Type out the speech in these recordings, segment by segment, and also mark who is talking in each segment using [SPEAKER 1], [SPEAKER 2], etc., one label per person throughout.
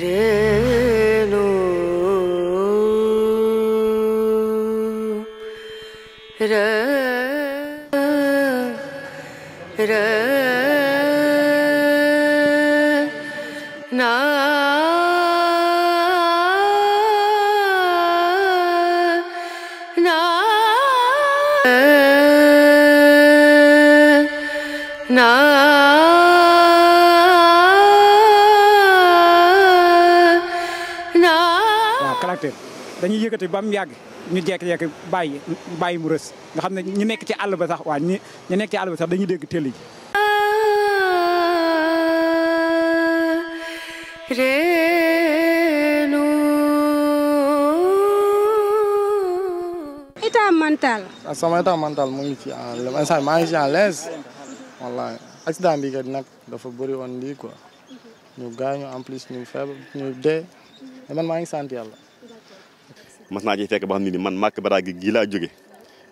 [SPEAKER 1] रेणु र mu ñu jékki-jékki bàyyi bàyyi mu rës nga xam ne ñu nekk ci àll ba sax waa ñu ñu nekk ci àll ba sax dañuy dégg télé ji. Ah, ah,
[SPEAKER 2] état mental. mu ngi ci ah, en instant maa ngi ci en l'aise wallahi accident bi kat nag dafa bëri woon lii quoi ñu gaañu en plus ñu feebar ñu dee man maa ngi sant
[SPEAKER 3] mas a ci fekk boo xam man màkk bara gi laa jóge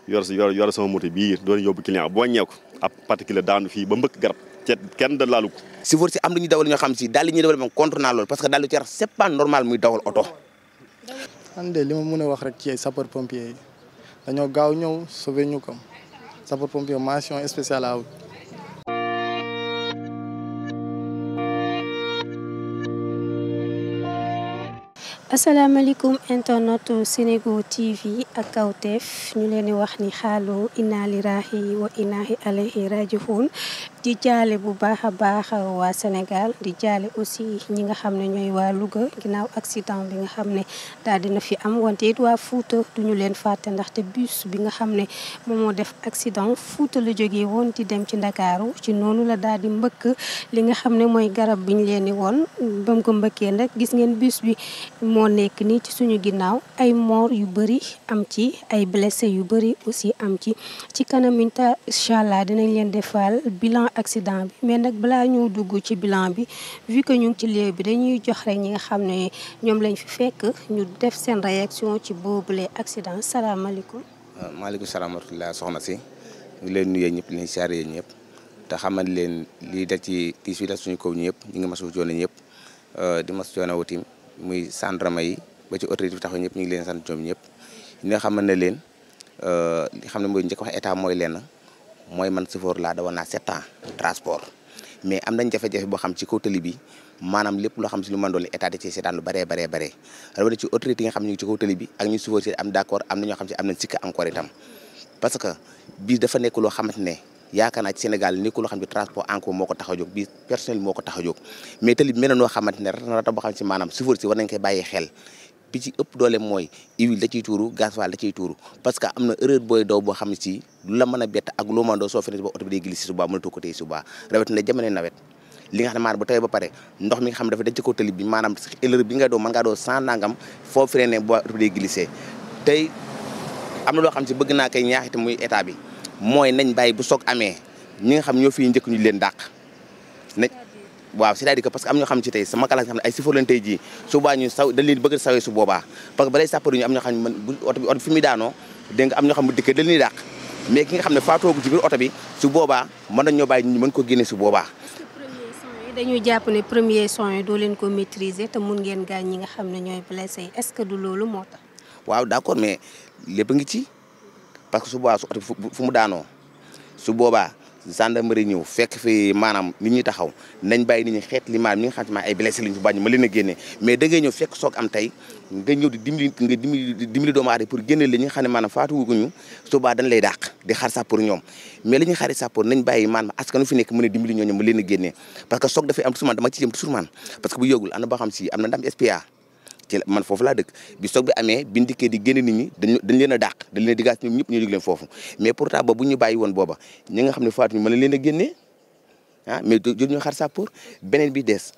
[SPEAKER 3] yor sama moto bii doon yóbbu client boo ñeeku ab particulier daanu fii ba mbëkk garab te kenn da laalu si for si am lu ñu dawal ñoo xam si daal li
[SPEAKER 4] ñuy dawal contre naa loolu parce que daal lu ci rax c'est pas normal muy dawal oto
[SPEAKER 2] man de li ma a wax rek ci ay sapeur pompier dañoo gaaw ñëw sauver ñu kam sapeur pompier mention spéciale à
[SPEAKER 5] asalaamaaleykum internet Senego TV ak Kawtef ñu leen di wax ni xaalu inna lillahi wa inna ilayhi raji'un di jaale bu baax a baax waa Sénégal di jaale aussi ñi nga xam ne ñooy waa Louga ginnaaw accident bi nga xam ne daal dina fi am wante it waa Fuuta duñu leen fàtte ndaxte bus bi nga xam ne moom moo def accident Fuuta la jógee woon di dem ci Ndakaaru ci noonu la daal di mbëkk li nga xam ne mooy garab biñ leen di woon ba mu ko mbëkkee nag gis ngeen bus bi moo nekk nii ci suñu ginnaaw ay mort yu bëri am ci ay blessé yu bëri aussi am ci ci kanam incha allah dinañ leen defal bilan accident bi mais nag balaa ñu dugg ci bilan bi vu que ñu ngi ci lieu bi dañuy jox rek ñi nga xam ne ñoom lañ fi fekk ñu def seen réaction ci boobule accident salaamaaleykum.
[SPEAKER 4] Euh, maaleykum salaam wa rahmatulah soxna si ñu ngi leen nuyee ñëpp leen siyaare yéen ñëpp xamal leen lii dal ci tiis bi suñu kaw ñu ñu ngi masu joone ñëpp euh, di mas joone wutim muy sandrama yi ba ci autorité bi ñëpp ñu ngi leen sant ñoom ñëpp ñi xamal ne leen euh, li xam ne mooy njëkk wax état mooy lenn mooy man chauffeur laa dawoon naa sept ans transport mais am nañ jafe-jafe boo xam ci kaw tali bi maanaam lépp loo xam si lu mën doon état de ci seetaan lu bëree bëree bëree ci autorité nga xam ci kaw tali am d'accord am na ñoo xam si am nañ sikk encore itam parce que bii dafa nekk loo xamante ne yaakaar naa ci Sénégal nekk loo xam ne transport en commun moo ko tax a jóg bii personnel moo ko tax a jóg mais tali bi mel na noo xamante ne rata boo xam si maanaam chauffeur si bi ci ëpp doole mooy huile da ciy tuuru gasoil da ciy tuuru parce que am na erreur booy daw boo xam ne si lu la mën a bett ak loo mën a doo soo feneen ba oto bi day glissé su nawet li nga xam ne maanaam bu tawee ba pare xam ne dafa dañ ci ko tëli bi maanaam erreur bi nga doo mën ngaa doo sans nangam foo freiné boo dafa dee glissé tey am na loo xam si bëgg naa koy ñaaxite muy état bi mooy nañ baay bu soog amee ñi nga xam ñoo fiy njëkk ñu leen dàq nañ waaw c'est-à-dire que parce que am ñoo xam ne ci tey sama classe nga xam ne ay sifor lañ tey jii su boobaa ñu saw dañ bëgg sawee su boobaa parce que ba sàppari ñu am ñoo xam ne man bu oto bi oto mais ki nga xam ne faatoogu ci biir oto bi su boobaa mën nañ ñoo bàyyi ñu ko génne su boobaa
[SPEAKER 5] dañuy jàpp ne premier soin yi doo leen ko maîtriser te mun ngeen gaañ ñi nga xam ne ñooy blessé yi est-ce que du loolu moo tax
[SPEAKER 4] waaw d'accord mais lépp ngi ci parce que su boobaa su fu mu daanoo su boobaa gendarmerie ñëw fekk fi maanaam nit ñu taxaw nañ bàyyi nit ñi xeet li maanaam ñi nga xam ne ay blessé leen a mais da ngay ñëw fekk soog am tey li ñi nga xam a ma leen a génne parce que soog dafay am toujours man dama ci jëm toujours parce que bu yógul am na xam si am na ndam SPA ci man foofu la dëkk bi soog bi amee bi ndikkee di génn nit ñi dañ dañ leen dañ leen a digaas ñoom ñu jóg foofu mais pourtant ba bu ñu bàyyi woon booba ñi xam ne faatuñu mën na leen a génnee ah mais jot ñu xar sàppoor beneen bi des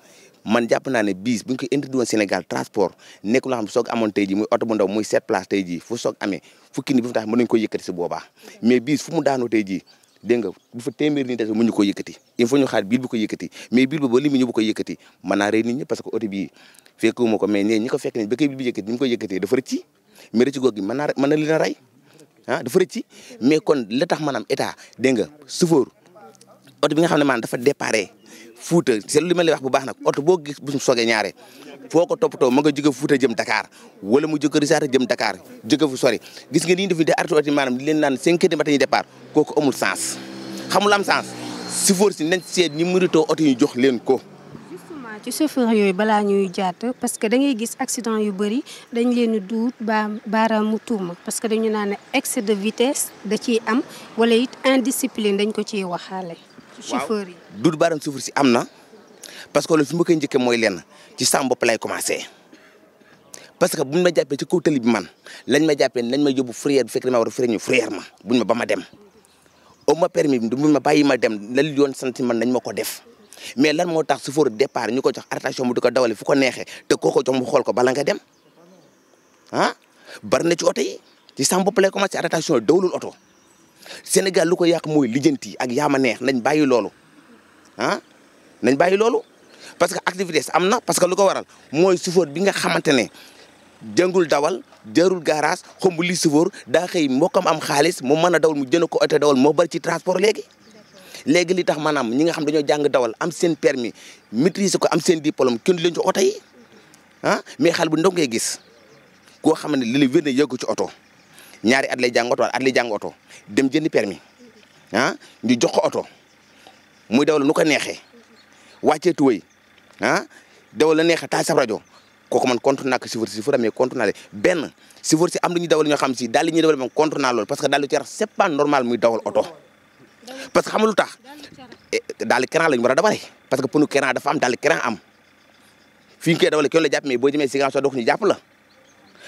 [SPEAKER 4] man jàpp naa ne biis bu ñu ko interdit woon Sénégal transport nekk loo xam ne soog amoon tey jii muy oto bu ndaw muy sept place tey jii fu soog amee fukki nit bi fu tax mën nañu ko yëkkati si boobaa mais biis fu mu daanoo jii dégg nga bu fa téeméer ni des mu ñu ko yëkkati il faut ñu xaar biir bi ko yëkkati mais biir ba ba li ñu bu ko yëkkati mën naa rey nit ñi parce que oto bii fekkuma ko mais ñee ñi ko fekk ne ba kay biir yëkkati ni mu ko yëkkatee dafa rëcci mais rëcc googu mën naa na a rey ah, dafa rëcci mais kon la tax maanaam état dégg nga sufoor oto bi nga xam ne maanaam dafa déparé Fuuta c'est li ma lay wax bu baax nag oto boo gis bu soogee ñaare foo ko toppatoo ma nga jóge Fuuta jëm Dakar wala mu jóge Risaata jëm Dakar jóge fu sori gis nga ni ñu def de arrêté oto di leen naan cinq heures du matin ñu départ am sens si foor si nañ seet ñi mëritoo oto yi jox leen ko.
[SPEAKER 5] justement ci chauffeur yooyu balaa ñuy jaat parce que da ngay gis accident yu bëri dañ leen duut ba baaraamu ma parce que dañu naan excès de vitesse da ciy am wala it indiscipline dañ ko ciy waxaale.
[SPEAKER 4] chauffeur yi waaw duut baaraam chauffeur si am na. parce que loolu fi ma njëkkee mooy lenn ci sama bopp lay commencé parce que buñ ma jàppee ci kaw tali bi man lañ ma jàppee lañ ma yóbbu fourrière bi fekk damaa war a fourrière ñu fourrière ma buñ ma ba dem. au ma permis bi buñ ma bàyyi ma dem lan yoon sant man nañ ma ko def mais lan moo tax chauffeur départ ñu ko jox arrêtation mu di ko dawale fu ko neexee te koo ko jox mu xool ko bala nga dem ah? bari na ci oto yi ci sama bopp lay commencé dawlul oto. Sénégal lu ko yàq mooy lijjanti ak yaama neex nañ bàyyi loolu ah nañ bàyyi loolu parce que activité am na parce que lu ko waral mooy chauffeur bi nga xamante ne jëngul dawal jarul garage xomb li chauffeur daa xëy mbokkam am xaalis mu mën a dawal mu jënd ko oto dawal moo bari ci transport léegi. léegi li tax manaam ñi nga xam dañoo jàng dawal am seen permis maîtriser ko am seen diplôme kenn du leen ci oto yi ah mais xal bu ndaw ngay gis koo xam ne li la wér na yëngu ci oto. ñaari at lay jàng oto wala at lay jàng oto dem jëndi permis ah ñu jox ko oto muy dawal nu ko neexee wàccee tuwéy ah dawal la neexee taal sa rajo kooku man contre naa ko si chauffeur amee contre naa leen benn chauffeur si am na ñuy dawal ñoo xam si daal li ñuy dawal moom contre naa loolu parce que daal lu ci yar c'est pas normal muy dawal oto parce que xam lu tax eh, daal cran lañu war a dawale parce que pneu cran dafa am daal cran am fi ñu koy dawale kenn la jàpp ñu jàpp la.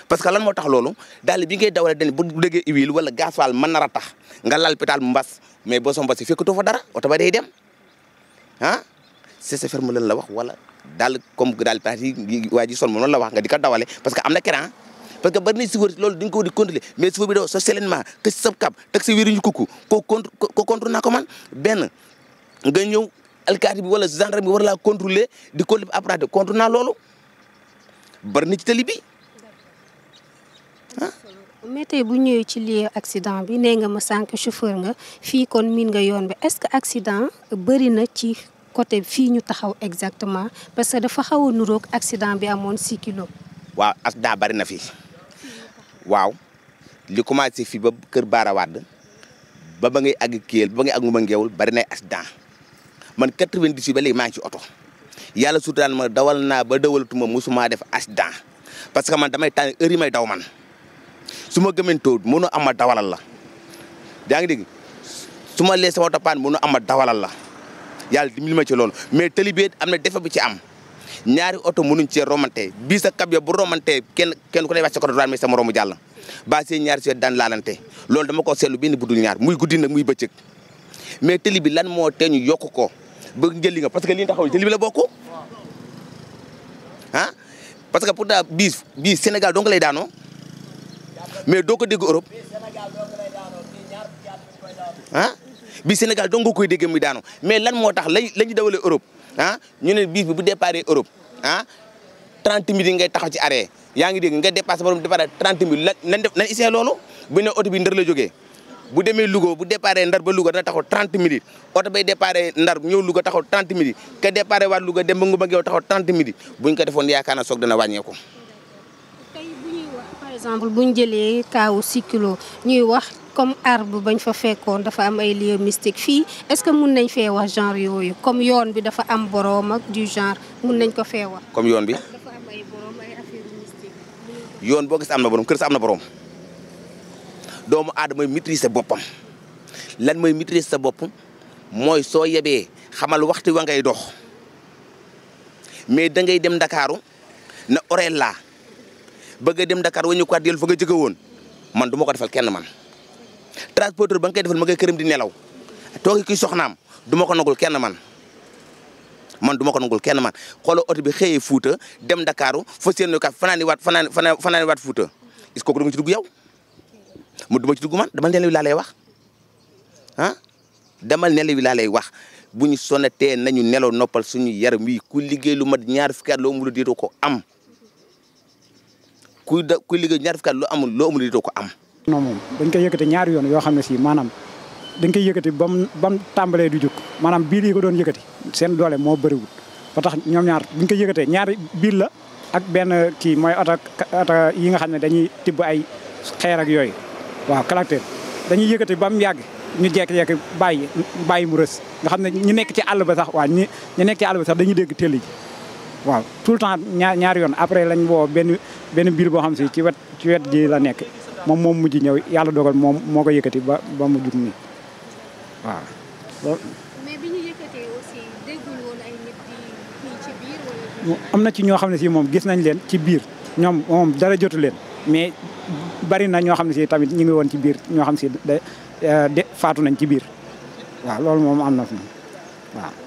[SPEAKER 4] parce que lan moo tax loolu daal bi ngay dawalee dañ bu déggee huile wala gasoil mën a tax nga lal pétale mu mbas mais boo soo mbas yi fekkatoo fa dara oto ba dem ah c'est ferme la wax wala daal comme daal pétale yi waa ji sol moom la wax nga di ko dawale parce que am na cran parce que bari nañ si wër loolu dañ ko di contrôler mais si bi daw sa seulement tëj sa kap teg sa wéruñu kukku ko contre ko contre benn nga ñëw alkaati bi wala gendarme bi war laa di ko apprêté contre naa loolu na ci tali
[SPEAKER 5] mais tey bu ñëwee ci lieu accident bi nee nga ma sànq chauffeur nga fii kon miin nga yoon bi est-ce que accident bëri na ci côté fii ñu taxaw exactement parce que dafa xaw a nuroog accident bi amoon six kilos.
[SPEAKER 4] waaw accident bëri na fi waaw li commencé fii ba Kër Baara Wade ba ba ngay àgg Kelle ba ba ngay àgg Ngouma Ngeewul bëri nay accident man 98 ba léegi maa ngi ci oto yàlla suturaan ma dawal naa ba dawalatuma musuma def accident parce que man damay tànn heure yi may daw man. su ma gëmëntoo mënu ama dawalal la yaa ngi dégg su ma lee sama toppaan mënu ama dawalal la yàlla dimbali ma ci loolu mais tali am na defe bu ci am ñaari oto mënuñ cee romante bii sa kab ya bu romante kenn kenn ku ne wàcc ko doon mais sama romu jàll ba see ñaari si daan laalante loolu dama ko seetlu benn bu dul ñaar muy guddi nag muy bëccëg mais tali lan moo tee ñu yokk ko ba njëli parce que li ñu taxaw tali la bokk ah? parce que pourtant bii bii Sénégal donc lay daanoo mais doo ko dégg Europe ah bi Sénégal dong nga dégg muy daanu mais lan moo tax lañ la ñu dawalee Europe ah ñu ne biis bi bu déparé Europe ah 30 minutes ngay taxaw ci arrêt yaa ngi dégg nga dépassé borom déparé 30 minutes lan lan def nañ essayé loolu bu ne oto bi ndar la jógee. bu demee Louga bu déparé Ndar ba Louga dana taxaw 30 minutes oto bay déparé Ndar ñëw Louga taxaw 30 minutes ka déparé waat Louga dem ba Ngoumba Ngeew taxaw 30 minutes buñ ko defoon yaakaar naa soog dana wàññeeku.
[SPEAKER 5] exemple bu ñu jëlee kaawu Sikilo ñuy wax comme arbre bañ fa fekkoon dafa am ay lieux mystique fii est-ce que mun nañ fee wax genre yooyu comme yoon bi dafa am boroom ak du genre mun nañ ko fee wax.
[SPEAKER 4] comme yoon bi yoon boo gis am na boroom kër sa am na boroom doomu aadama maîtriser boppam lan mooy maîtriser sa bopp mooy soo yebee xamal waxti wa ngay dox mais da dem Ndakaaru na orel laa bëgg a dem Dakar wañu ko dellu fa nga jëkk woon man du ma ko defal kenn man transporteur ba nga koy defal ma ngay këram di nelaw toogi ki soxnaam du ma ko nagul kenn man man du ko kenn man xoolal oto bi xëyee Fuuta dem ndakaaru fa seen ka fanaani waat fanaani fanaani waat Fuuta est-ce que kooku da yow mu ma ci dugg dama nelaw laa lay wax ah dama nelaw laa wax bu ñu sonnatee nañu nelaw noppal suñu yaram wi ku liggéey lu mat ñaar fukki at loo mu la diitoo ko am kuy da kuy liggéey ñaar fukki at lu amul loo amul di doo
[SPEAKER 1] ko am. non moom dañ koy yëkkati ñaari yoon yoo xam ne si maanaam dañ koy yëkkati ba mu ba tàmbalee du jóg maanaam biir yi ko doon yëkkati seen doole moo bëriwul ba tax ñoom ñaar buñ koy yëkkatee ñaari biir la ak benn kii mooy oto oto yi nga xam ne dañuy tibb ay xeer ak yooyu waaw caractère dañuy yëkkati ba mu yàgg ñu jekk jékki bàyyi bàyyi mu rës nga xam ne ñu nekk ci àll ba sax waa ñu nekk ci àll ba sax dañu dégg télé ji waaw tout le temps ñaar ñaari yoon après lañ boo benn benn biir boo xam si ci wet ci wet la nekk moom moom mujj ñëw yàlla dogal moom moo ko yëkkati ba ba mu jug nii waaw. am na ci ñoo xam ne si moom gis nañ leen ci biir ñoom moom dara jotu leen mais bari na ñoo xam ne si tamit ñu ngi woon ci biir ñoo xam si de faatu nañ ci biir waaw loolu moom am na fi waaw.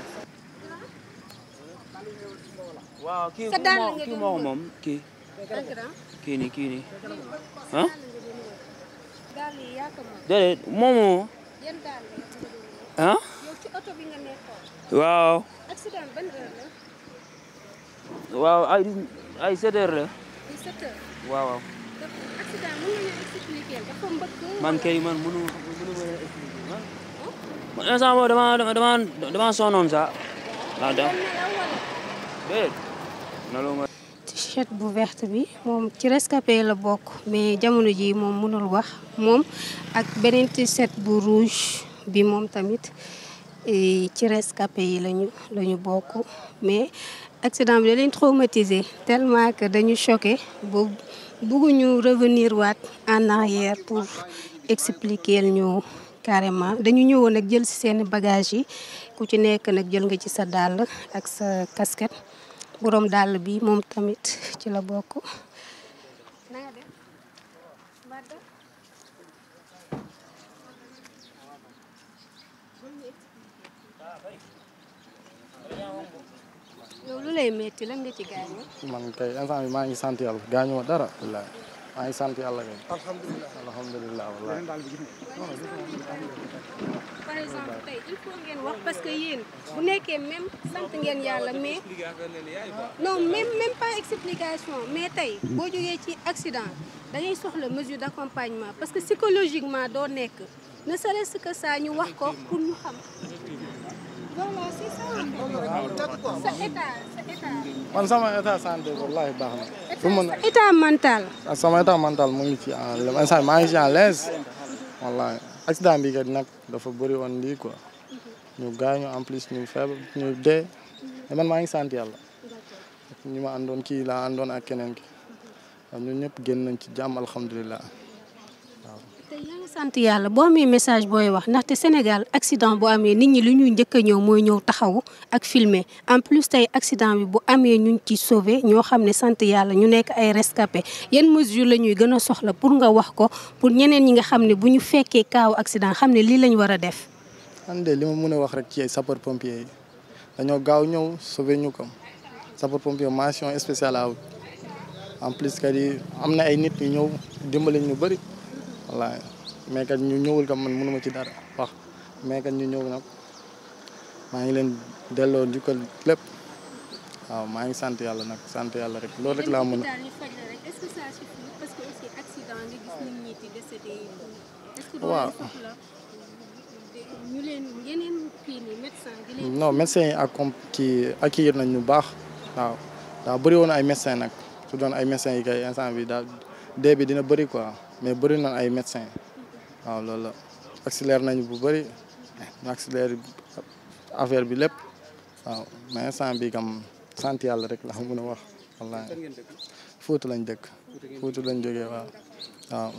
[SPEAKER 3] waaw kii kii moo moom kii.
[SPEAKER 1] kii nii kii nii ah.
[SPEAKER 4] déedéet moomu. waaw. ay ay sept heures la. waaw waaw. man kay man mënu mënu ma leen expliquer man. instant boobu
[SPEAKER 5] damaa damaa damaa
[SPEAKER 2] t
[SPEAKER 5] bu verte bi moom ci rescapé la bokk mais jamono ji moom mënul wax moom ak beneen t-shirt bu rouge bi moom tamit e, ci rescapé yi lañu la ñu bokk mais accident bi da leen traumatisé tellement que dañu choqué ba bëgguñu revenir waat en arrière pour expliquer ñu carrément dañu ñëwoon nag jël si seen bagage yi ku ci nekk nag jël nga ci sa dàll ak sa casquette borom dàll bi moom tamit ci la bokk yow lu lay metti man kay
[SPEAKER 2] instant bi maa ngi sant yàlla gaañu ma dara wallaahi ngi sant yàlla kay
[SPEAKER 5] parce que yéen bu nekkee même sant ngeen yàlla mais non même pas explication mais tey boo jógee ci accident da soxla mesure d'accompagnement parce que psychologiquement doo nekk ne serait-ce que ça ñu wax ko pour ñu xam voilà c'est ça sa état sa état man sama état santé wallaahi baax na état mental
[SPEAKER 2] ah, sama état mental mu ngi ci en instant maa ngi ci en l'aise wallaahi accident bi kat nag dafa bëri woon lii quoi mhm. ñu gaañu en plus ñu feebar ñu dee mhm. man maa ngi sant yàlla ñu ma àndoon kii la andoon ak keneen ki mhm. ñun ñëpp génn nañ ci jàmm alhamdulilah
[SPEAKER 5] yaa ngi sant yàlla boo amee message booy wax ndaxte Sénégal accident bu amee nit ñi lu ñuy njëkk a ñëw mooy ñëw taxawu ak filmer en plus tey accident bi bu amee ñu ci sauvé ñoo xam ne sant yàlla ñu nekk ay rescapé yan mesure la ñuy gën a soxla pour nga wax ko pour ñeneen ñi nga xam ne bu ñu fekkee kaaw accident xam ne lii lañ war a def.
[SPEAKER 2] man li ma mën a wax rek ci ay sapeur dañoo gaaw ñëw sauvé ñu ko sapeur pompier mention am na ay nit ñu ñëw dimbali ñu bëri. wallaahi mais ñu ñëwul kam man mënuma ci dara wax mais ñu ñëw nag maa ngi leen delloo njukkal lépp waaw maa ngi sant yàlla nag sant yàlla rek loolu rek laa mën a. waaw. yi ak comp kii accueillir nañ ñu baax waaw daa bëri woon ay médecin nag su doon ay médecin yi kay instant bi daal dee bi dina bari quoi. mais bëri na ay médecin waaw loolu la accéléré nañu bu bari ñu accéléré affaire bi lépp waaw mais sant yàlla rek la mën a wax wallaahi Fuuta lañ dëkk Fuuta lañ jógee waaw waaw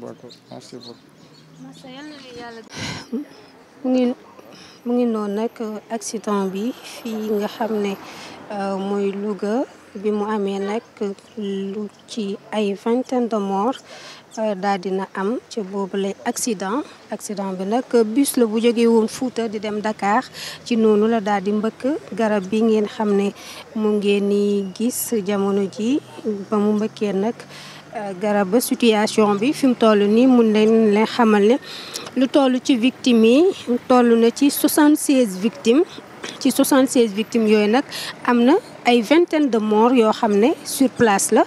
[SPEAKER 2] waaw merci
[SPEAKER 5] beaucoup mu ngi noonu nag accident bi fii nga xam ne euh, mooy Louga bi mu amee nag lu ci ay vingtaine de morts euh, daal dina am ci boobule accident accident bi nag bus la bu jógee woon Fuuta di dem ndakaar ci noonu la daal mbëkk garab bi ngeen xam ne mu ngeen ni gis jamono ji ba mu mbëkkee nag Euh, garab situation bi fi mu toll nii mun leen leen xamal ne lu toll ci victim yi tollu na ci 76 victim ci 76 victimes yooyu nag am na ay vingtaine de morts yoo xam ne sur place la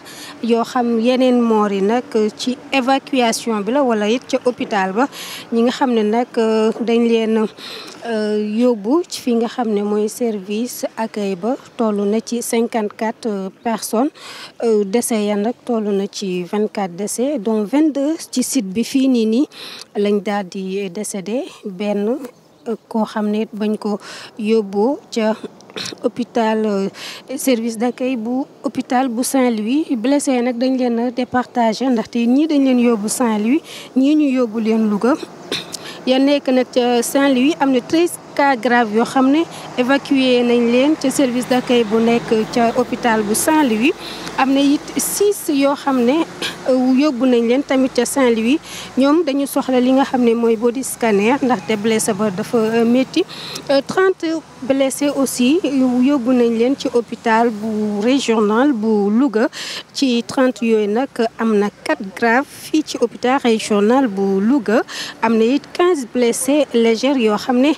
[SPEAKER 5] yoo xam yeneen moor yi nag ci évacuation bi la wala it ca hôpital ba ñi nga xam ne nag euh, dañ leen euh, yóbbu ci fi nga xam ne mooy service accueil ba tollu na ci 54 euh, personnes décès ya nag toll na ci 24 donc vingt deux ci site bi fii nii nii lañ daal di de benn koo xam ne bañ ko yóbboo ca hôpital euh, service d'accueil bu hôpital bu Saint-Louis blessé nag dañ leen a départagé ndaxte ñii dañ leen yóbbu Saint-Louis ñii ñu yóbbu leen Louga ya nekk nag ca Saint-Louis am na treize cas grave yoo xam ne évacué nañ leen ca service d'accueil bu nekk ca hôpital bu Saint-Louis am na it yoo xam ne euh, yóbbu nañ leen tamit ca Saint-Louis ñoom dañu soxla li nga xam ne mooy body ndax ndaxte blessé ba dafa euh, métti euh, trente blessés aussi yóbbu nañ leen ci hôpital bu régional bu Louga ci trente yooyu nag am na quatre graves fii ci hôpital régional bu Louga am na it quinze blessés yoo xam ne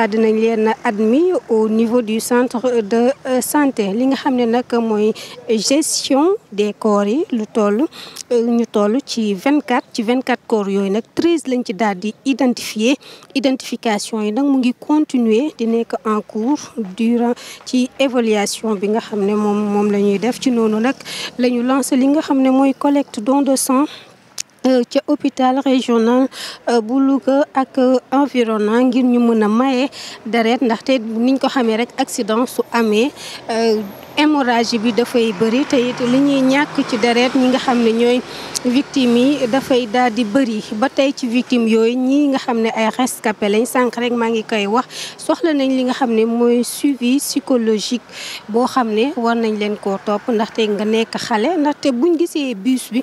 [SPEAKER 5] daal dinañ leen admis au niveau du centre de euh, santé li nga xam ne nag mooy gestion des corps yi lu toll euh, ñu toll ci 24 ci 24 corps yooyu nag 13 lañ ci daal di identifier identification yi nag mu ngi continuer di nekk en cours durant ci évaluation bi nga xam ne moom moom la ñuy def ci noonu nag la lancer li nga xam ne mooy collecte don de sang Euh, ca hôpital régional euh, bu Louga ak euh, environnement ngir ñu mën a maye deret ndaxte niñ ko xamee rek accident su amee hémorragie bi dafay bëri tey it li ñuy ñàkk ci deret ñi nga xam ne ñooy victime yi dafay daal di bëri ba tey ci victime yooyu ñi nga xam ne ay rescapé lañ sànq rek maa ngi koy wax soxla nañ li nga xam ne mooy suivi psychologique boo xam ne war nañ leen koo topp ndaxte nga nekk xale ndaxte buñ gisee bus bi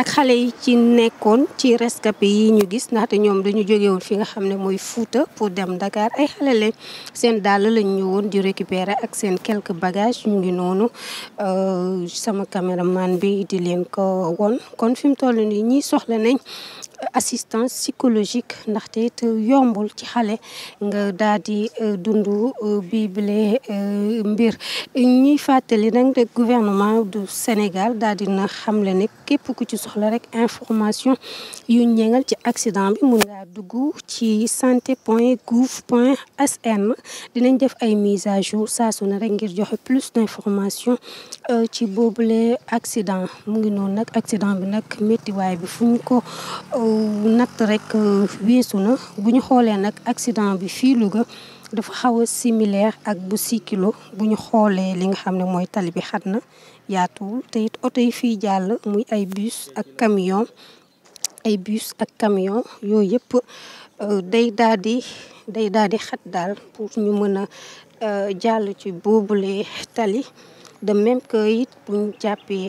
[SPEAKER 5] ak xale yi ci nekkoon ci rescapé yi ñu gis ndaxte ñoom dañu jógewoon fi nga xam ne mooy Fuuta pour dem Dakar ay xale lañ seen dàll lañ ñëwoon di récupérer ak seen quelques bagage ñu ngi noonu euh, sama caméraman bi di leen ko won kon fi mu toll nii ñi soxla nañ assistance psychologique ndaxte it yombul ci xale nga daal di euh, dund euh, bi bile euh, mbir ñuy fàttali nag gouvernement du Sénégal daal dina xamle ne képp ku ci soxla rek information yu ñeengal ci accident bi mun ngaa dugg ci santé point gouv point sn dinañ def ay mise à jour saa su ne rek ngir joxe plus d'information ci boobule accident mu ngi noonu nag accident bi nag méttiwaay bi fu ko natt rekk euh, weesu na bu ñu xoolee nag accident bi fii Louga dafa xaw a similaire ak bu six kilo bu ñu xoolee li nga xam ne mooy tali bi xat na yaatuwul te it oto yi fii jàll muy ay bus ak camion ay bus ak camion yooyu yëpp euh, day daal di day daal xat daal pour ñu mën a euh, jàll ci boobule tali de même que it buñ jàppee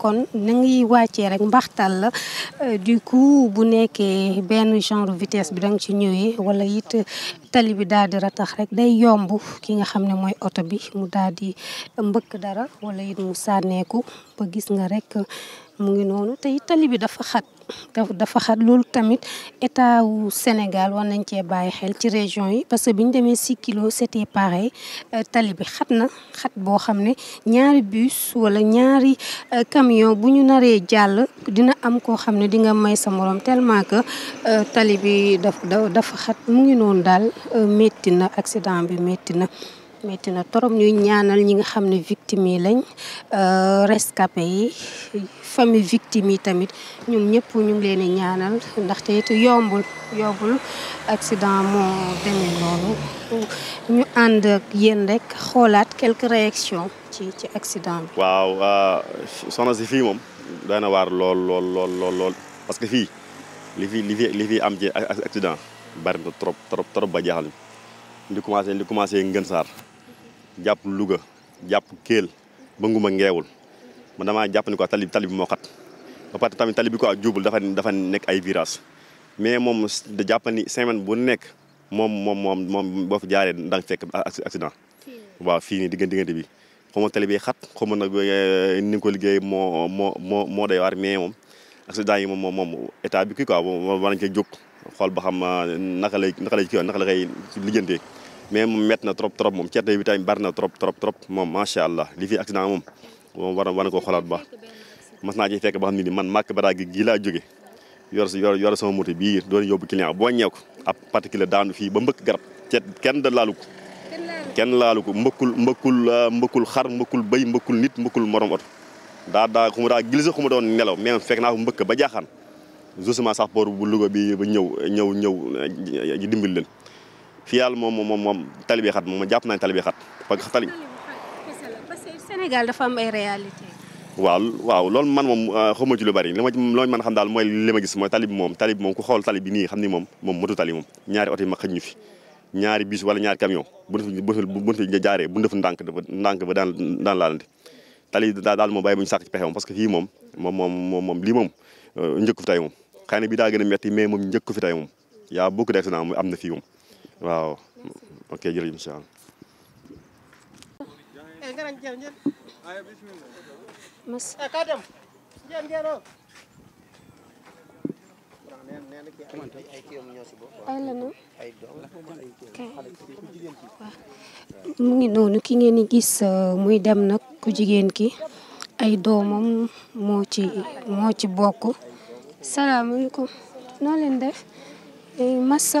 [SPEAKER 5] kon na ngi wàccee rek mbaxtal la euh, du coup bu nekkee benn genre vitesse bi danga ci ñëwee wala it tali bi daal di ratax rek day yomb ki nga xam ne mooy oto bi mu daal di mbëkk dara wala it mu sànneeku ba gis nga rekk mu ngi noonu tey tali bi dafa xat dafa xat loolu tamit état Sénégal war nañ cee bàyyi xel ci région yi parce que bi ñu demee six kilos c'était pareil euh, tali bi xat na xat boo xam ne ñaari bus wala ñaari euh, camion bu ñu naree jàll dina am koo xam ne di nga may sa morom tellement que euh, tali bi dafa dafa xat mu ngi noonu daal métti na accident bi métti na. metti na torop ñuy ñaanal ñi nga xam ne victime yi lañ euh, rescapé yi famille victime yi tamit ñoom ñëpp ñu ngi leen di ñaanal ndaxte it yombul yombul accident moo demee noonu ñu ànd ak yéen rek xoolaat quelque réactions ci ci accident bi.
[SPEAKER 3] waaw euh, soxna si fii moom doy na waar lool lool lool lool lool parce que fii li fi li fi li fi am ci accident bari na trop trop trop ba jaaxal ñu di commencé di commencé Ngën Saar. jàpp Louga jàpp Kéel ba Nguma ngeewul man damaa jàpp ni quoi tali tali bi moo xat ba pare tamit tali bi quoi juubul dafa dafa nekk ay virage mais moom da jàpp ni semaine bu nekk moom moom moom moom boo fi jaaree danga fekk accident. waaw fii nii diggante diggante bi xaw ma tali bi xat xaw ma nag euh, ni nga ko liggéey moo moo moo moo day waar mais moom accident i moom moom moom état bi kii quoi war nañ cee jóg xool ba xam euh, naka lay naka lay kii naka la koy lijjantee. mais moom na trop trop moom certe bi tamit bari na trop trop trop moom macha allah li fi accident moom moom war na war na koo bu baax mas naa ci fekk ba xam ne ni man màkk bara gi gii laa jóge yor yor yor sama moto bii doon yóbbu client boo ñeew ko ab daanu fii ba mbëkk garab cet kenn da laalu ko kenn laalu ko mbëkkul mbëkkul euh, mbëkkul xar mbëkkul bëy mbëkkul nit mbëkkul morom oto daa daa xuma daa gilisa xuma doon nelaw mais fekk naa ko mbëkk ba jaaxaan justement sax pour bu Louga bi ba ñëw ñëw ñëw euh, dimbali leen fi yàlla moom moom moom moom jàpp naa ne tali bi xat parce que tali.
[SPEAKER 5] parce que Sénégal euh,
[SPEAKER 3] daal mooy li ma gis mooy tali bi moom tali bi moom ku xool tali moom moom motu tali moom ñaari oto yi ma xëj daal moom bàyyi bu ñu sàkk pexe parce que fii moom moom moom moom lii moom euh, njëkku fi moom xëy bi daa gën a metti mais moom njëkku fi tey moom yaa beaucoup d'accident am na fii moom waaw ok eh,
[SPEAKER 5] mu ngi noonu ki ngeen gis euh, muy dem nag ku jigéen ki ay doomam moo ci moo ci bokk. salaamaaleykum noo leen def eh, massa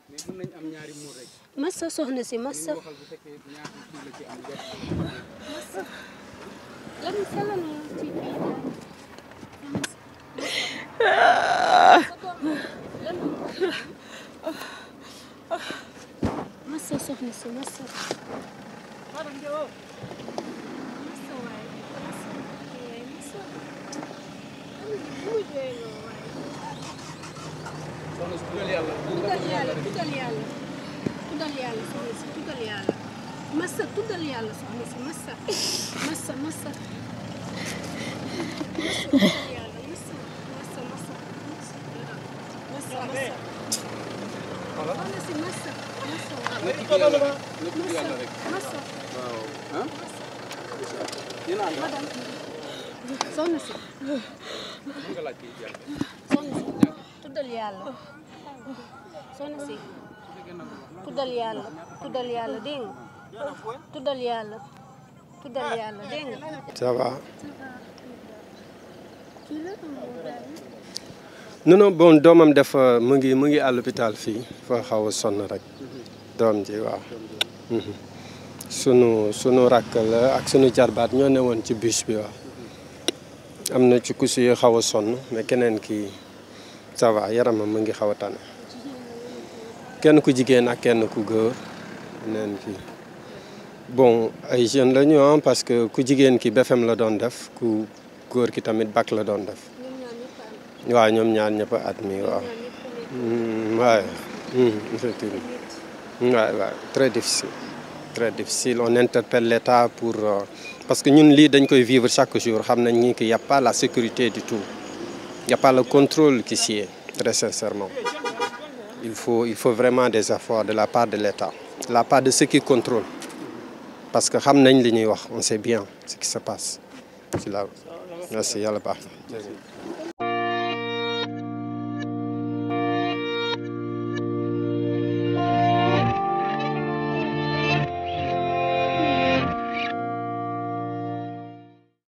[SPEAKER 5] massa soxna si massa massa soxna si massa massa massa tuddal yàlla soxna si massa massa massa soxna si tuddal yàlla soxna si tuddal yàlla tuddal yàlla dégg nga tuddal yàlla tuddal yàlla dégg
[SPEAKER 6] nga. ça doomam dafa mu ngi mu ngi à l'hôpital fii fa xaw a sonn rek. doom ji waaw. Mhm. sunu sunu rakk la ak sunu jarbaat ñoo newoon ci bus bi waaw. am na ci kus yu xaw a sonn mais keneen ki ça va yaramam mu ngi xaw a tane. kenn ku jigéen ak kenn ku góor keneen ki bon ay jeunes la ñu ah, parce que ku jigéen ki BFEM la doon def ku góor ki tamit bak la doon def waaw ñoom ñaar ñëpp at mi waaw mm, waaye mm, effectivement mm, waaw waaw très difficile très difficile on interpelle l'État pour euh, parce que ñun lii dañ koy vivre chaque jour xam nañ ni que y a la sécurité du tout y a pas le contrôle qui s'y est très sincèrement il faut vraiment des efforts de la part de l'État de la part de ceux qui contrôlent parce que xam nañ li ñuy wax on sait bien ce qui se passe ci la merci yàlla baax na